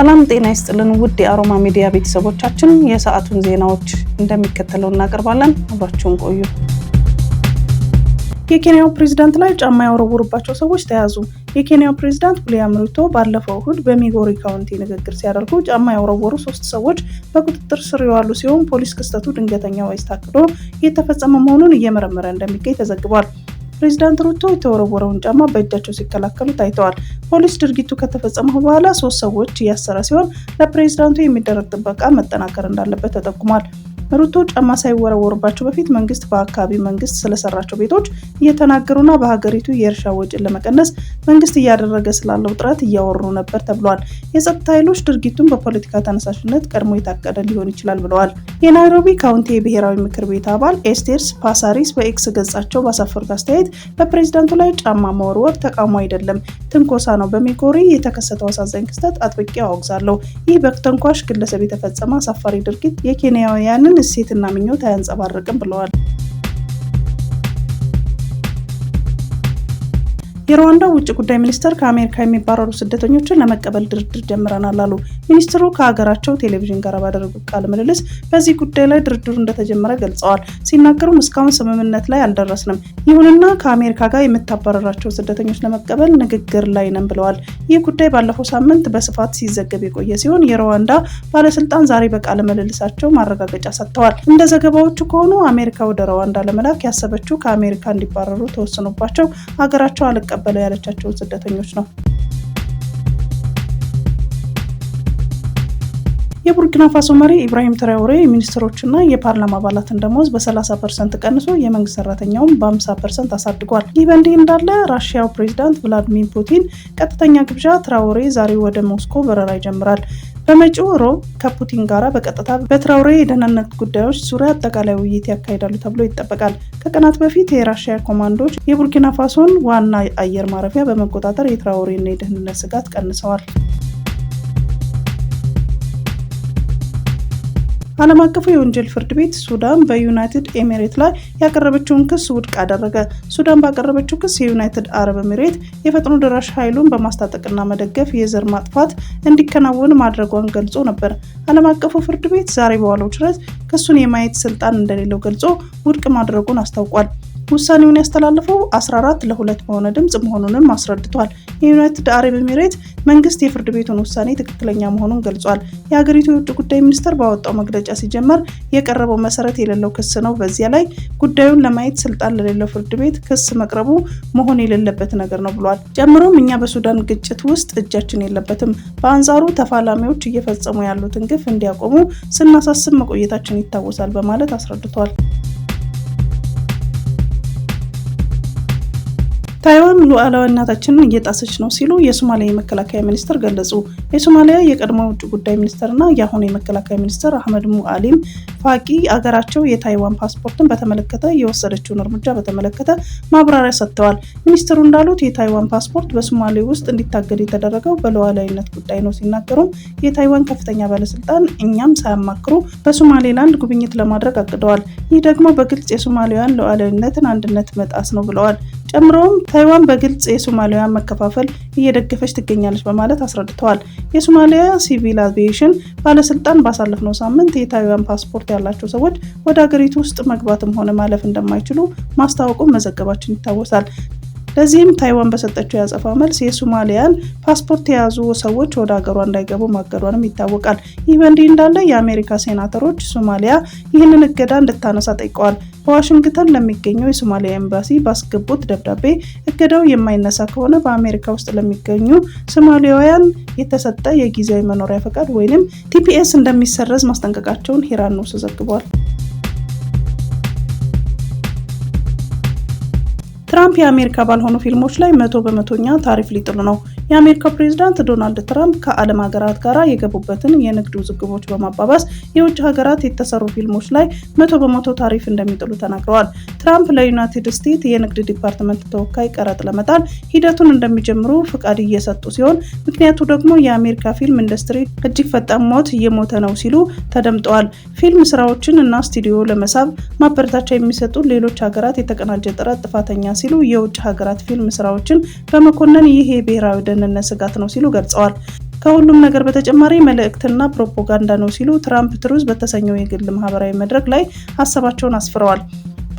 ሰላም ጤና ይስጥልን ውድ የአሮማ ሚዲያ ቤተሰቦቻችን፣ የሰዓቱን ዜናዎች እንደሚከተለው እናቀርባለን። አብራችሁን ቆዩ። የኬንያው ፕሬዝዳንት ላይ ጫማ ያውረውሩባቸው ሰዎች ተያዙ። የኬንያው ፕሬዝዳንት ውሊያም ሩቶ ባለፈው እሁድ በሚጎሪ ካውንቲ ንግግር ሲያደርጉ ጫማ ያወረወሩ ሶስት ሰዎች በቁጥጥር ስር የዋሉ ሲሆን ፖሊስ ክስተቱ ድንገተኛ ወይስ ታቅዶ እየተፈጸመ መሆኑን እየመረመረ እንደሚገኝ ተዘግቧል። ፕሬዚዳንት ሩቶ የተወረወረውን ጫማ በእጃቸው ሲከላከሉ ታይተዋል። ፖሊስ ድርጊቱ ከተፈጸመ በኋላ ሶስት ሰዎች እያሰረ ሲሆን ለፕሬዚዳንቱ የሚደረግ ጥበቃ መጠናከር እንዳለበት ተጠቁሟል። ሩቶ ጫማ ሳይወረወርባቸው በፊት መንግስት በአካባቢ መንግስት ስለሰራቸው ቤቶች እየተናገሩና በሀገሪቱ የእርሻ ወጪን ለመቀነስ መንግስት እያደረገ ስላለው ጥረት እያወሩ ነበር ተብሏል። የጸጥታ ኃይሎች ድርጊቱን በፖለቲካ ተነሳሽነት ቀድሞ የታቀደ ሊሆን ይችላል ብለዋል። የናይሮቢ ካውንቲ የብሔራዊ ምክር ቤት አባል ኤስቴርስ ፓሳሪስ በኤክስ ገጻቸው ባሳፈሩት አስተያየት በፕሬዚዳንቱ ላይ ጫማ መወርወር ተቃውሞ አይደለም፣ ትንኮሳ ነው። በሚጎሪ የተከሰተው አሳዛኝ ክስተት አጥብቄ አወግዛለሁ። ይህ በተንኳሽ ግለሰብ የተፈጸመ አሳፋሪ ድርጊት የኬንያውያንን እሴትና ምኞት አያንጸባርቅም ብለዋል። የሩዋንዳ ውጭ ጉዳይ ሚኒስተር ከአሜሪካ የሚባረሩ ስደተኞችን ለመቀበል ድርድር ጀምረናል አሉ። ሚኒስትሩ ከሀገራቸው ቴሌቪዥን ጋር ባደረጉት ቃለ ምልልስ በዚህ ጉዳይ ላይ ድርድሩ እንደተጀመረ ገልጸዋል። ሲናገሩም እስካሁን ስምምነት ላይ አልደረስንም፣ ይሁንና ከአሜሪካ ጋር የምታባረራቸው ስደተኞች ለመቀበል ንግግር ላይ ነን ብለዋል። ይህ ጉዳይ ባለፈው ሳምንት በስፋት ሲዘገብ የቆየ ሲሆን የሩዋንዳ ባለስልጣን ዛሬ በቃለ ምልልሳቸው ማረጋገጫ ሰጥተዋል። እንደ ዘገባዎቹ ከሆኑ አሜሪካ ወደ ሩዋንዳ ለመላክ ያሰበችው ከአሜሪካ እንዲባረሩ ተወስኖባቸው ሀገራቸው አለቀ የምንቀበለው ያለቻቸውን ስደተኞች ነው። የቡርኪና ፋሶ መሪ ኢብራሂም ትራውሬ የሚኒስትሮችና የፓርላማ አባላትን ደሞዝ በ30 ፐርሰንት ቀንሶ የመንግስት ሰራተኛውን በ50 ፐርሰንት አሳድጓል። ይህ በእንዲህ እንዳለ ራሽያው ፕሬዚዳንት ቭላዲሚር ፑቲን ቀጥተኛ ግብዣ ትራውሬ ዛሬ ወደ ሞስኮ በረራ ይጀምራል። በመጪው ሮብ ከፑቲን ጋር በቀጥታ በትራውሬ የደህንነት ጉዳዮች ዙሪያ አጠቃላይ ውይይት ያካሂዳሉ ተብሎ ይጠበቃል። ከቀናት በፊት የራሽያ ኮማንዶች የቡርኪና ፋሶን ዋና አየር ማረፊያ በመቆጣጠር የትራውሬን የደህንነት ስጋት ቀንሰዋል። ዓለም አቀፉ የወንጀል ፍርድ ቤት ሱዳን በዩናይትድ ኤሚሬት ላይ ያቀረበችውን ክስ ውድቅ አደረገ። ሱዳን ባቀረበችው ክስ የዩናይትድ አረብ ኤሚሬት የፈጥኖ ደራሽ ኃይሉን በማስታጠቅና መደገፍ የዘር ማጥፋት እንዲከናወን ማድረጓን ገልጾ ነበር። ዓለም አቀፉ ፍርድ ቤት ዛሬ በዋለው ችሎት ክሱን የማየት ስልጣን እንደሌለው ገልጾ ውድቅ ማድረጉን አስታውቋል። ውሳኔውን ያስተላለፈው 14 ለሁለት በሆነ ድምፅ መሆኑንም አስረድቷል። የዩናይትድ አረብ ኤሚሬት መንግስት የፍርድ ቤቱን ውሳኔ ትክክለኛ መሆኑን ገልጿል። የሀገሪቱ የውጭ ጉዳይ ሚኒስቴር ባወጣው መግለጫ ሲጀመር የቀረበው መሰረት የሌለው ክስ ነው። በዚያ ላይ ጉዳዩን ለማየት ስልጣን ለሌለው ፍርድ ቤት ክስ መቅረቡ መሆን የሌለበት ነገር ነው ብሏል። ጨምሮም እኛ በሱዳን ግጭት ውስጥ እጃችን የለበትም፣ በአንጻሩ ተፋላሚዎች እየፈጸሙ ያሉትን ግፍ እንዲያቆሙ ስናሳስብ መቆየታችን ይታወሳል በማለት አስረድቷል። ታይዋን ሉዓላዊነታችንን እየጣሰች ነው ሲሉ የሶማሊያ የመከላከያ ሚኒስትር ገለጹ። የሶማሊያ የቀድሞ ውጭ ጉዳይ ሚኒስትርና የአሁኑ የመከላከያ ሚኒስትር አህመድ ሙአሊም ፋቂ አገራቸው የታይዋን ፓስፖርትን በተመለከተ የወሰደችውን እርምጃ በተመለከተ ማብራሪያ ሰጥተዋል። ሚኒስትሩ እንዳሉት የታይዋን ፓስፖርት በሶማሌ ውስጥ እንዲታገድ የተደረገው በሉዓላዊነት ጉዳይ ነው ሲናገሩም የታይዋን ከፍተኛ ባለስልጣን እኛም ሳያማክሩ በሶማሌላንድ ጉብኝት ለማድረግ አቅደዋል። ይህ ደግሞ በግልጽ የሶማሊያን ሉዓላዊነትን አንድነት መጣስ ነው ብለዋል። ጨምሮም ታይዋን በግልጽ የሶማሊያን መከፋፈል እየደገፈች ትገኛለች በማለት አስረድተዋል። የሶማሊያ ሲቪል አቪዬሽን ባለስልጣን ባሳለፍነው ሳምንት የታይዋን ፓስፖርት ያላቸው ሰዎች ወደ ሀገሪቱ ውስጥ መግባትም ሆነ ማለፍ እንደማይችሉ ማስታወቁን መዘገባችን ይታወሳል። ለዚህም ታይዋን በሰጠችው የአጸፋ መልስ የሱማሊያን ፓስፖርት የያዙ ሰዎች ወደ ሀገሯ እንዳይገቡ ማገዷንም ይታወቃል። ይህ በእንዲህ እንዳለ የአሜሪካ ሴናተሮች ሶማሊያ ይህንን እገዳ እንድታነሳ ጠይቀዋል። በዋሽንግተን ለሚገኘው የሶማሊያ ኤምባሲ ባስገቡት ደብዳቤ እገዳው የማይነሳ ከሆነ በአሜሪካ ውስጥ ለሚገኙ ሶማሊያውያን የተሰጠ የጊዜያዊ መኖሪያ ፈቃድ ወይም ቲፒኤስ እንደሚሰረዝ ማስጠንቀቃቸውን ሂራን ኒውስ ዘግቧል። ትራምፕ የአሜሪካ ባልሆኑ ፊልሞች ላይ መቶ በመቶኛ ታሪፍ ሊጥሉ ነው። የአሜሪካው ፕሬዚዳንት ዶናልድ ትራምፕ ከዓለም ሀገራት ጋር የገቡበትን የንግድ ውዝግቦች በማባባስ የውጭ ሀገራት የተሰሩ ፊልሞች ላይ መቶ በመቶ ታሪፍ እንደሚጥሉ ተናግረዋል። ትራምፕ ለዩናይትድ ስቴትስ የንግድ ዲፓርትመንት ተወካይ ቀረጥ ለመጣል ሂደቱን እንደሚጀምሩ ፍቃድ እየሰጡ ሲሆን ምክንያቱ ደግሞ የአሜሪካ ፊልም ኢንዱስትሪ እጅግ ፈጣን ሞት እየሞተ ነው ሲሉ ተደምጠዋል። ፊልም ስራዎችን እና ስቱዲዮ ለመሳብ ማበረታቻ የሚሰጡ ሌሎች ሀገራት የተቀናጀ ጥረት ጥፋተኛ ሲሉ የውጭ ሀገራት ፊልም ስራዎችን በመኮነን ይህ የብሔራዊ ደን የደህንነት ስጋት ነው ሲሉ ገልጸዋል። ከሁሉም ነገር በተጨማሪ መልእክትና ፕሮፓጋንዳ ነው ሲሉ ትራምፕ ትሩዝ በተሰኘው የግል ማህበራዊ መድረክ ላይ ሀሳባቸውን አስፍረዋል።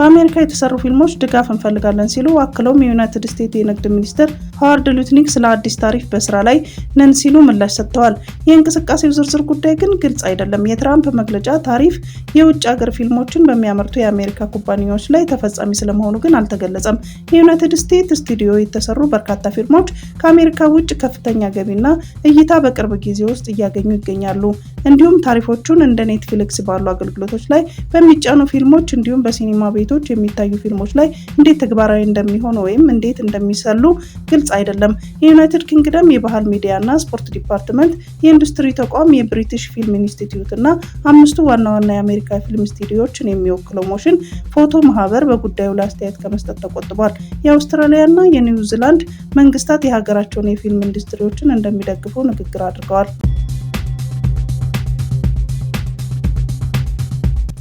በአሜሪካ የተሰሩ ፊልሞች ድጋፍ እንፈልጋለን ሲሉ አክለውም የዩናይትድ ስቴትስ የንግድ ሚኒስትር ሀዋርድ ሉትኒክ ስለ አዲስ ታሪፍ በስራ ላይ ነን ሲሉ ምላሽ ሰጥተዋል። የእንቅስቃሴው ዝርዝር ጉዳይ ግን ግልጽ አይደለም። የትራምፕ መግለጫ ታሪፍ የውጭ ሀገር ፊልሞችን በሚያመርቱ የአሜሪካ ኩባንያዎች ላይ ተፈጻሚ ስለመሆኑ ግን አልተገለጸም። የዩናይትድ ስቴትስ ስቱዲዮ የተሰሩ በርካታ ፊልሞች ከአሜሪካ ውጭ ከፍተኛ ገቢና እይታ በቅርብ ጊዜ ውስጥ እያገኙ ይገኛሉ። እንዲሁም ታሪፎቹን እንደ ኔትፍሊክስ ባሉ አገልግሎቶች ላይ በሚጫኑ ፊልሞች እንዲሁም በሲኒማ ቤቶች የሚታዩ ፊልሞች ላይ እንዴት ተግባራዊ እንደሚሆን ወይም እንዴት እንደሚሰሉ ግልጽ አይደለም። የዩናይትድ ኪንግደም የባህል ሚዲያና ስፖርት ዲፓርትመንት፣ የኢንዱስትሪ ተቋም፣ የብሪቲሽ ፊልም ኢንስቲትዩት እና አምስቱ ዋና ዋና የአሜሪካ ፊልም ስቱዲዮዎችን የሚወክለው ሞሽን ፎቶ ማህበር በጉዳዩ ላይ አስተያየት ከመስጠት ተቆጥቧል። የአውስትራሊያና የኒውዚላንድ መንግስታት የሀገራቸውን የፊልም ኢንዱስትሪዎችን እንደሚደግፉ ንግግር አድርገዋል።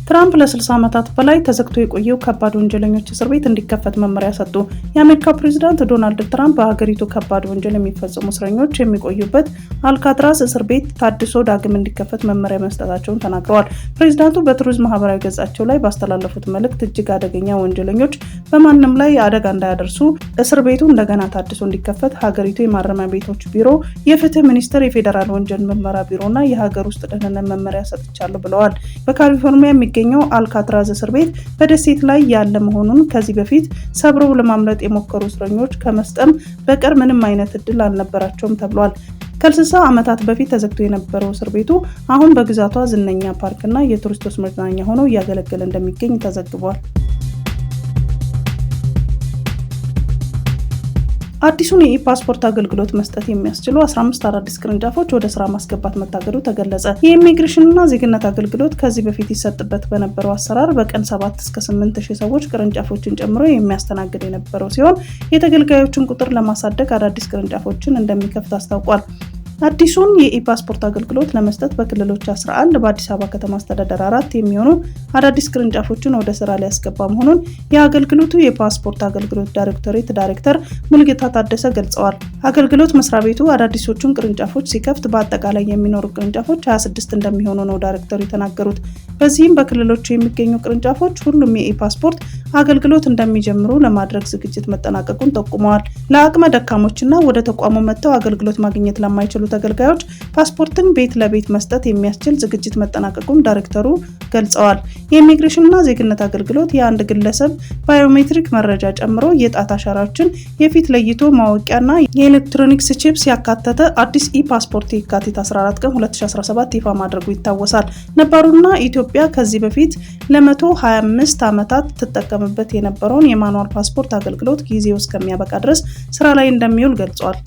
ትራምፕ ለ60 ዓመታት በላይ ተዘግቶ የቆየው ከባድ ወንጀለኞች እስር ቤት እንዲከፈት መመሪያ ሰጡ። የአሜሪካ ፕሬዚዳንት ዶናልድ ትራምፕ በሀገሪቱ ከባድ ወንጀል የሚፈጽሙ እስረኞች የሚቆዩበት አልካትራስ እስር ቤት ታድሶ ዳግም እንዲከፈት መመሪያ መስጠታቸውን ተናግረዋል። ፕሬዚዳንቱ በትሩዝ ማህበራዊ ገጻቸው ላይ ባስተላለፉት መልእክት እጅግ አደገኛ ወንጀለኞች በማንም ላይ አደጋ እንዳያደርሱ እስር ቤቱ እንደገና ታድሶ እንዲከፈት ሀገሪቱ የማረሚያ ቤቶች ቢሮ፣ የፍትህ ሚኒስቴር፣ የፌዴራል ወንጀል ምርመራ ቢሮና የሀገር ውስጥ ደህንነት መመሪያ ሰጥቻለሁ ብለዋል። በካሊፎርኒያ የሚገ የሚገኘው አልካትራዝ እስር ቤት በደሴት ላይ ያለ መሆኑን ከዚህ በፊት ሰብረው ለማምለጥ የሞከሩ እስረኞች ከመስጠም በቀር ምንም አይነት እድል አልነበራቸውም ተብሏል። ከ60 ዓመታት በፊት ተዘግቶ የነበረው እስር ቤቱ አሁን በግዛቷ ዝነኛ ፓርክና የቱሪስቶች መዝናኛ ሆኖ እያገለገለ እንደሚገኝ ተዘግቧል። አዲሱን የኢፓስፖርት አገልግሎት መስጠት የሚያስችሉ 15 አዳዲስ ቅርንጫፎች ወደ ስራ ማስገባት መታገዱ ተገለጸ። የኢሚግሬሽንና ዜግነት አገልግሎት ከዚህ በፊት ይሰጥበት በነበረው አሰራር በቀን 7 እስከ 8 ሺህ ሰዎች ቅርንጫፎችን ጨምሮ የሚያስተናግድ የነበረው ሲሆን የተገልጋዮችን ቁጥር ለማሳደግ አዳዲስ ቅርንጫፎችን እንደሚከፍት አስታውቋል። አዲሱን የኢፓስፖርት አገልግሎት ለመስጠት በክልሎች 11 በአዲስ አበባ ከተማ አስተዳደር አራት የሚሆኑ አዳዲስ ቅርንጫፎችን ወደ ስራ ሊያስገባ መሆኑን የአገልግሎቱ የፓስፖርት አገልግሎት ዳይሬክቶሬት ዳይሬክተር ሙልጌታ ታደሰ ገልጸዋል። አገልግሎት መስሪያ ቤቱ አዳዲሶቹን ቅርንጫፎች ሲከፍት በአጠቃላይ የሚኖሩ ቅርንጫፎች 26 እንደሚሆኑ ነው ዳይሬክተሩ የተናገሩት። በዚህም በክልሎቹ የሚገኙ ቅርንጫፎች ሁሉም የኢፓስፖርት አገልግሎት እንደሚጀምሩ ለማድረግ ዝግጅት መጠናቀቁን ጠቁመዋል። ለአቅመ ደካሞችና ወደ ተቋሙ መጥተው አገልግሎት ማግኘት ለማይችሉ ተገልጋዮች ፓስፖርትን ቤት ለቤት መስጠት የሚያስችል ዝግጅት መጠናቀቁን ዳይሬክተሩ ገልጸዋል። የኢሚግሬሽንና ዜግነት አገልግሎት የአንድ ግለሰብ ባዮሜትሪክ መረጃ ጨምሮ የጣት አሻራዎችን፣ የፊት ለይቶ ማወቂያና የኤሌክትሮኒክስ ቺፕስ ያካተተ አዲስ ኢ-ፓስፖርት የካቲት 14 ቀን 2017 ይፋ ማድረጉ ይታወሳል። ነባሩና ኢትዮጵያ ከዚህ በፊት ለ125 ዓመታት ትጠቀምበት የነበረውን የማኑዋል ፓስፖርት አገልግሎት ጊዜው እስከሚያበቃ ድረስ ስራ ላይ እንደሚውል ገልጿል።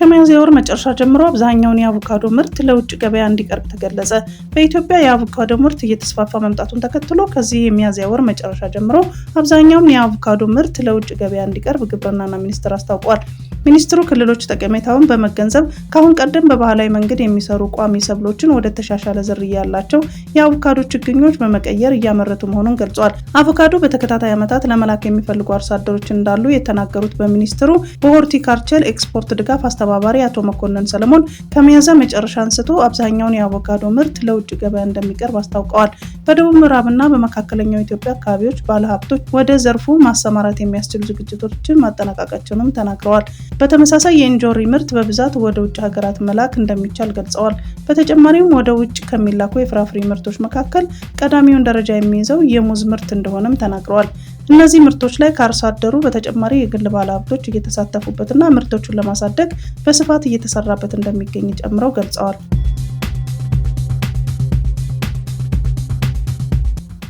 ከሚያዝያ ወር መጨረሻ ጀምሮ አብዛኛውን የአቮካዶ ምርት ለውጭ ገበያ እንዲቀርብ ተገለጸ። በኢትዮጵያ የአቮካዶ ምርት እየተስፋፋ መምጣቱን ተከትሎ ከዚህ የሚያዝያ ወር መጨረሻ ጀምሮ አብዛኛውን የአቮካዶ ምርት ለውጭ ገበያ እንዲቀርብ ግብርናና ሚኒስቴር አስታውቋል። ሚኒስትሩ ክልሎች ጠቀሜታውን በመገንዘብ ከአሁን ቀደም በባህላዊ መንገድ የሚሰሩ ቋሚ ሰብሎችን ወደ ተሻሻለ ዝርያ ያላቸው የአቮካዶ ችግኞች በመቀየር እያመረቱ መሆኑን ገልጿል። አቮካዶ በተከታታይ ዓመታት ለመላክ የሚፈልጉ አርሶ አደሮች እንዳሉ የተናገሩት በሚኒስትሩ በሆርቲካልቸር ኤክስፖርት ድጋፍ አስተባባሪ አቶ መኮንን ሰለሞን ከሚያዝያ መጨረሻ አንስቶ አብዛኛውን የአቮካዶ ምርት ለውጭ ገበያ እንደሚቀርብ አስታውቀዋል። በደቡብ ምዕራብና በመካከለኛው ኢትዮጵያ አካባቢዎች ባለሀብቶች ወደ ዘርፉ ማሰማራት የሚያስችሉ ዝግጅቶችን ማጠናቀቃቸውንም ተናግረዋል። በተመሳሳይ የእንጆሪ ምርት በብዛት ወደ ውጭ ሀገራት መላክ እንደሚቻል ገልጸዋል። በተጨማሪም ወደ ውጭ ከሚላኩ የፍራፍሬ ምርቶች መካከል ቀዳሚውን ደረጃ የሚይዘው የሙዝ ምርት እንደሆነም ተናግረዋል። እነዚህ ምርቶች ላይ ከአርሶ አደሩ በተጨማሪ የግል ባለሀብቶች እየተሳተፉበትና ምርቶቹን ለማሳደግ በስፋት እየተሰራበት እንደሚገኝ ጨምረው ገልጸዋል።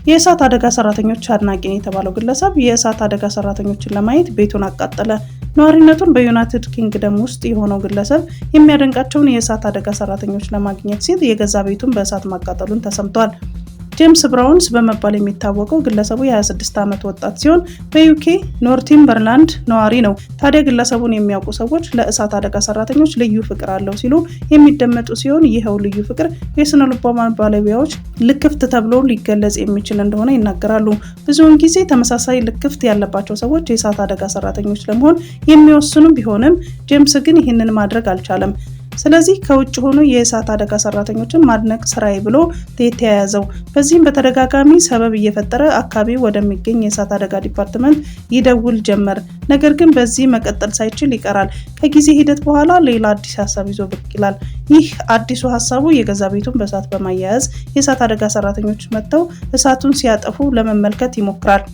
የእሳት አደጋ ሰራተኞች አድናቂ ነው የተባለው ግለሰብ የእሳት አደጋ ሰራተኞችን ለማየት ቤቱን አቃጠለ። ነዋሪነቱን በዩናይትድ ኪንግደም ውስጥ የሆነው ግለሰብ የሚያደንቃቸውን የእሳት አደጋ ሰራተኞች ለማግኘት ሲል የገዛ ቤቱን በእሳት ማቃጠሉን ተሰምቷል። ጄምስ ብራውንስ በመባል የሚታወቀው ግለሰቡ የ26 ዓመት ወጣት ሲሆን በዩኬ ኖርቲምበርላንድ ነዋሪ ነው። ታዲያ ግለሰቡን የሚያውቁ ሰዎች ለእሳት አደጋ ሰራተኞች ልዩ ፍቅር አለው ሲሉ የሚደመጡ ሲሆን ይኸው ልዩ ፍቅር የስነ ልቦና ባለሙያዎች ልክፍት ተብሎ ሊገለጽ የሚችል እንደሆነ ይናገራሉ። ብዙውን ጊዜ ተመሳሳይ ልክፍት ያለባቸው ሰዎች የእሳት አደጋ ሰራተኞች ለመሆን የሚወስኑ ቢሆንም ጄምስ ግን ይህንን ማድረግ አልቻለም። ስለዚህ ከውጭ ሆኖ የእሳት አደጋ ሰራተኞችን ማድነቅ ስራዬ ብሎ የተያያዘው በዚህም በተደጋጋሚ ሰበብ እየፈጠረ አካባቢ ወደሚገኝ የእሳት አደጋ ዲፓርትመንት ይደውል ጀመር። ነገር ግን በዚህ መቀጠል ሳይችል ይቀራል። ከጊዜ ሂደት በኋላ ሌላ አዲስ ሀሳብ ይዞ ብቅ ይላል። ይህ አዲሱ ሀሳቡ የገዛ ቤቱን በእሳት በማያያዝ የእሳት አደጋ ሰራተኞች መጥተው እሳቱን ሲያጠፉ ለመመልከት ይሞክራል።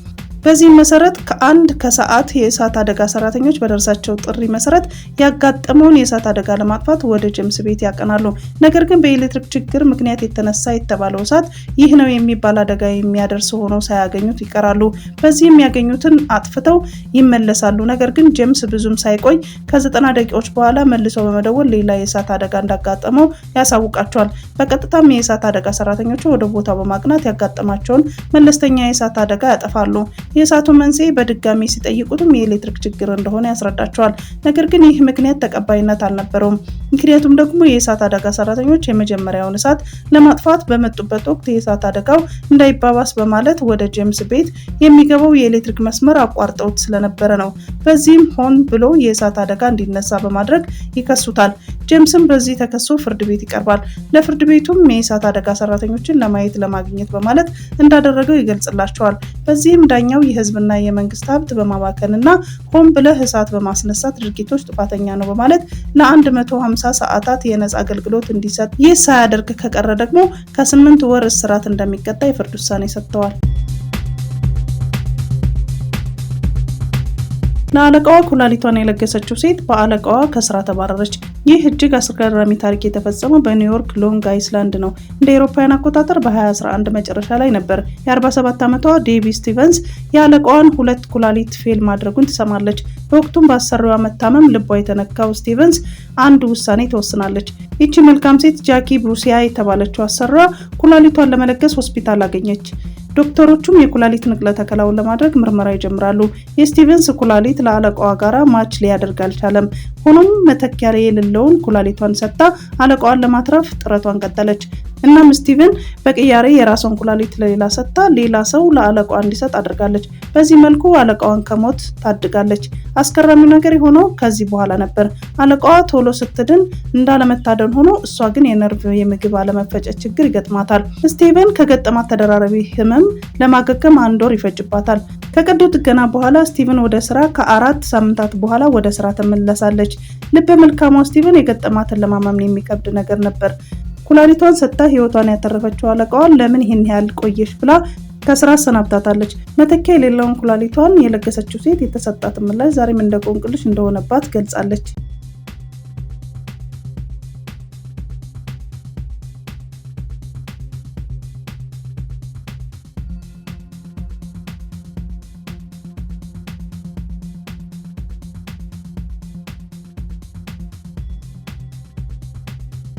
በዚህም መሰረት ከአንድ ከሰዓት የእሳት አደጋ ሰራተኞች በደረሳቸው ጥሪ መሰረት ያጋጠመውን የእሳት አደጋ ለማጥፋት ወደ ጀምስ ቤት ያቀናሉ። ነገር ግን በኤሌክትሪክ ችግር ምክንያት የተነሳ የተባለው እሳት ይህ ነው የሚባል አደጋ የሚያደርስ ሆኖ ሳያገኙት ይቀራሉ። በዚህ የሚያገኙትን አጥፍተው ይመለሳሉ። ነገር ግን ጀምስ ብዙም ሳይቆይ ከዘጠና ደቂቃዎች በኋላ መልሶ በመደወል ሌላ የእሳት አደጋ እንዳጋጠመው ያሳውቃቸዋል። በቀጥታም የእሳት አደጋ ሰራተኞቹ ወደ ቦታው በማቅናት ያጋጠማቸውን መለስተኛ የእሳት አደጋ ያጠፋሉ። የእሳቱ መንስኤ በድጋሚ ሲጠይቁትም የኤሌክትሪክ ችግር እንደሆነ ያስረዳቸዋል። ነገር ግን ይህ ምክንያት ተቀባይነት አልነበረውም። ምክንያቱም ደግሞ የእሳት አደጋ ሰራተኞች የመጀመሪያውን እሳት ለማጥፋት በመጡበት ወቅት የእሳት አደጋው እንዳይባባስ በማለት ወደ ጄምስ ቤት የሚገባው የኤሌክትሪክ መስመር አቋርጠውት ስለነበረ ነው። በዚህም ሆን ብሎ የእሳት አደጋ እንዲነሳ በማድረግ ይከሱታል። ጄምስም በዚህ ተከሶ ፍርድ ቤት ይቀርባል። ለፍርድ ቤቱም የእሳት አደጋ ሰራተኞችን ለማየት ለማግኘት በማለት እንዳደረገው ይገልጽላቸዋል። በዚህም ዳኛው የህዝብና የመንግስት ሀብት በማባከንና ሆን ብለህ እሳት በማስነሳት ድርጊቶች ጥፋተኛ ነው በማለት ለ150 ሰዓታት የነጻ አገልግሎት እንዲሰጥ፣ ይህ ሳያደርግ ከቀረ ደግሞ ከስምንት ወር እስራት እንደሚቀጣ የፍርድ ውሳኔ ሰጥተዋል። ለአለቃዋ ኩላሊቷን የለገሰችው ሴት በአለቃዋ ከስራ ተባረረች። ይህ እጅግ አስገራሚ ታሪክ የተፈጸመው በኒውዮርክ ሎንግ አይስላንድ ነው። እንደ አውሮፓውያን አቆጣጠር በ2011 መጨረሻ ላይ ነበር። የ47 ዓመቷ ዴቪ ስቲቨንስ የአለቃዋን ሁለት ኩላሊት ፌል ማድረጉን ትሰማለች። በወቅቱም በአሰሪዋ መታመም ልቧ የተነካው ስቲቨንስ አንድ ውሳኔ ትወስናለች። ይቺ መልካም ሴት ጃኪ ብሩሲያ የተባለችው አሰሪዋ ኩላሊቷን ለመለገስ ሆስፒታል አገኘች። ዶክተሮቹም የኩላሊት ንቅለ ተከላውን ለማድረግ ምርመራ ይጀምራሉ። የስቲቨንስ ኩላሊት ለአለቃዋ ጋራ ማች ሊያደርግ አልቻለም። ሆኖም መተኪያ የሌለውን ኩላሊቷን ሰጥታ አለቃዋን ለማትረፍ ጥረቷን ቀጠለች። እናም ስቲቨን በቅያሬ የራሷን ኩላሊት ለሌላ ሰጥታ ሌላ ሰው ለአለቃዋ እንዲሰጥ አድርጋለች። በዚህ መልኩ አለቃዋን ከሞት ታድጋለች። አስገራሚው ነገር የሆነው ከዚህ በኋላ ነበር። አለቃዋ ቶሎ ስትድን እንዳለመታደን ሆኖ እሷ ግን የነርቭ የምግብ አለመፈጨት ችግር ይገጥማታል። ስቲቨን ከገጠማት ተደራራቢ ህመም ለማገገም አንድ ወር ይፈጅባታል። ከቀዶ ጥገና በኋላ ስቲቨን ወደ ስራ ከአራት ሳምንታት በኋላ ወደ ስራ ትመለሳለች። ልበ መልካሟ ስቲቨን የገጠማትን ለማመን የሚከብድ ነገር ነበር። ኩላሊቷን ሰጥታ ህይወቷን ያተረፈችው አለቃዋን ለምን ይህን ያህል ቆየሽ ብላ ከስራ አሰናብታታለች። መተኪያ የሌለውን ኩላሊቷን የለገሰችው ሴት የተሰጣት ምላሽ ዛሬም እንደ ቆንቅልሽ እንደሆነባት ገልጻለች።